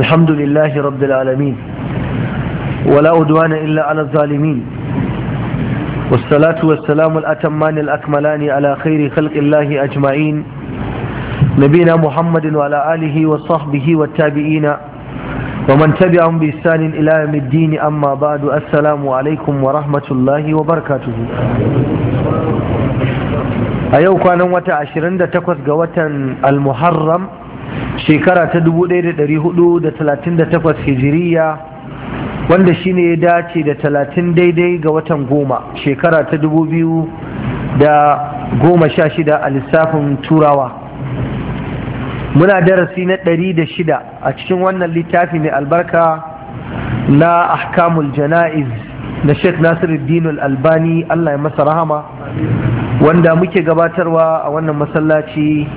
الحمد لله رب العالمين ولا أدوان إلا على الظالمين والصلاة والسلام الأتمان الأكملان على خير خلق الله أجمعين نبينا محمد وعلى آله وصحبه والتابعين ومن تبعهم بإحسان إلى يوم الدين أما بعد السلام عليكم ورحمة الله وبركاته أيوك أنا متى عشرين تكوث قوة المحرم shekara ta da hudu 1438 hijiriya wanda shine ya dace da talatin daidai ga watan goma shekara ta da goma sha shida a lissafin turawa muna darasi na ɗari da shida a cikin wannan littafi mai albarka na ahkamul jana'iz na sheikh Nasiru albani allah ya masa rahama wanda muke gabatarwa a wannan masallaci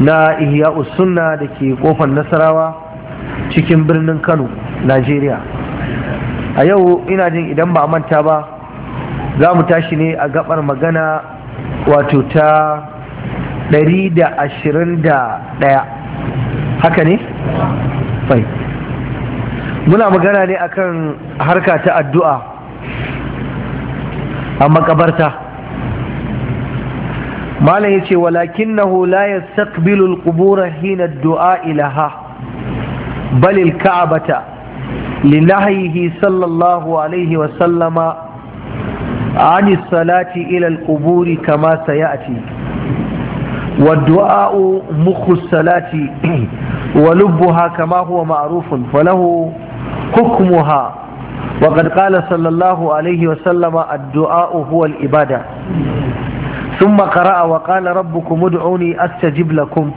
na ihya sunna da ke kofar nasarawa cikin birnin kano najeriya a yau ina jin idan ba manta ba za mu tashi ne a gabar magana wato ta 121 haka ne? fai muna magana ne akan harka ta addu'a a makabarta malam ya ce walakin na hula ya saƙbilul ƙubura hina du'a ilaha balil ka'abata linahihi sallallahu alaihi wasallama ani salati ilal ƙuburi kama sayati wa du'a'u mukhu salati wa lubbuha kama huwa ma'rufun falahu hukmuha وقد قال صلى الله عليه وسلم الدعاء ثم قرأ وقال ربكم ادعوني أستجب لكم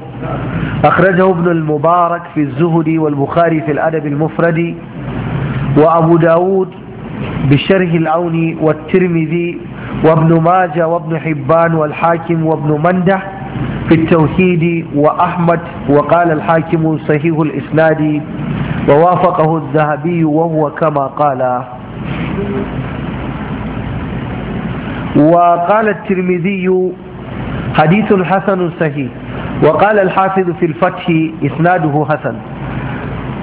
أخرجه ابن المبارك في الزهد والبخاري في الأدب المفرد وأبو داود بشره العون والترمذي وابن ماجه وابن حبان والحاكم وابن منده في التوحيد وأحمد وقال الحاكم صحيح الإسناد ووافقه الذهبي وهو كما قال وقال الترمذي حديث حسن صحيح وقال الحافظ في الفتح إسناده حسن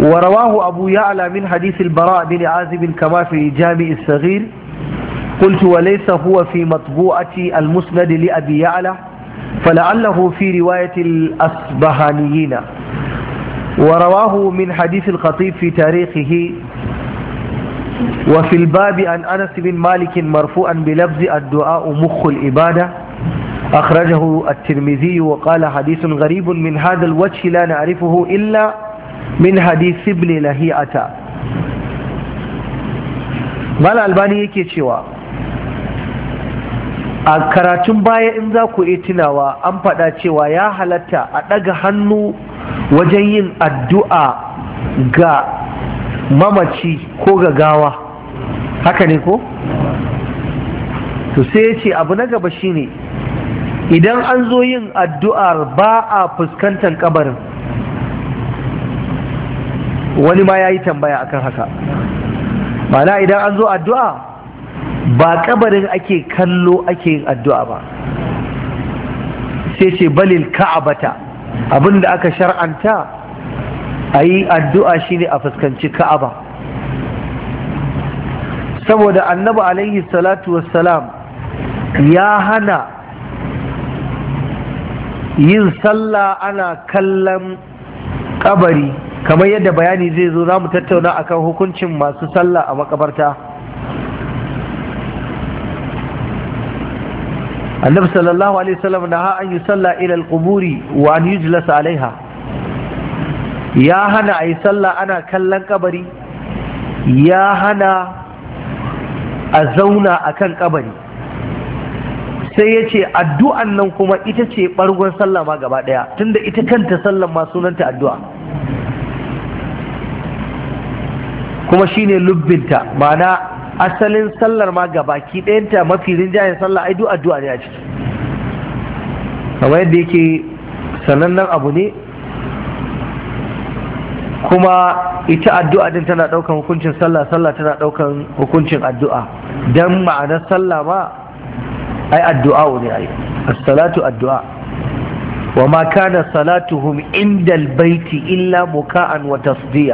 ورواه أبو يعلى من حديث البراء بن عازب كما في جامع الصغير قلت وليس هو في مطبوعة المسند لأبي يعلى فلعله في رواية الأصبهانيين ورواه من حديث الخطيب في تاريخه وفي الباب عن أنس بن مالك مرفوعا بلفظ الدعاء مخ الإبادة أخرجه الترمذي وقال حديث غريب من هذا الوجه لا نعرفه إلا من حديث ابن لهيئة قال الباني يكي cewa a karatun baya in za ku yi tunawa an faɗa cewa ya halatta a ɗaga hannu wajen yin addu'a ga mamaci ko ga gawa haka ne ko to sai ce abu na gaba shine idan an zo yin addu'ar ba a fuskantar kabarin wani ma ya yi tambaya akan haka mana idan an zo addu'a ba kabarin ake kallo ake yin addu'a ba sai ce balil ka'abata abinda aka shar'anta a yi addu'a shine a fuskanci ka'aba saboda annabi alaihi salatu wassalam ya hana yin sallah ana kallon kabari kamar yadda bayani zai zo za mu tattauna akan hukuncin masu sallah a makabarta annabi sallallahu alaihi wasallam na an yi sallah ila alquburi wa an yujlas alaiha ya hana a yi sallah ana kallon kabari ya hana a zauna a kan kabari sai ya ce addu'an nan kuma ita ce ɓargon sallah gaba ɗaya tunda ita kanta sallah sunanta addu'a kuma shi ne lubbinta mana asalin sallar ma ki ɗayanta mafi rinjayen sallah ai addu'a ne a ciki kamar yadda yake sanannen abu ne kuma ita addu'a din tana ɗaukan hukuncin sallah sallah tana ɗaukan hukuncin addu'a dan ma'anar sallah ma ai addu'a ne ai as-salatu addu'a wa ma kana salatuhum inda al-baiti illa buka'an wa tasdiya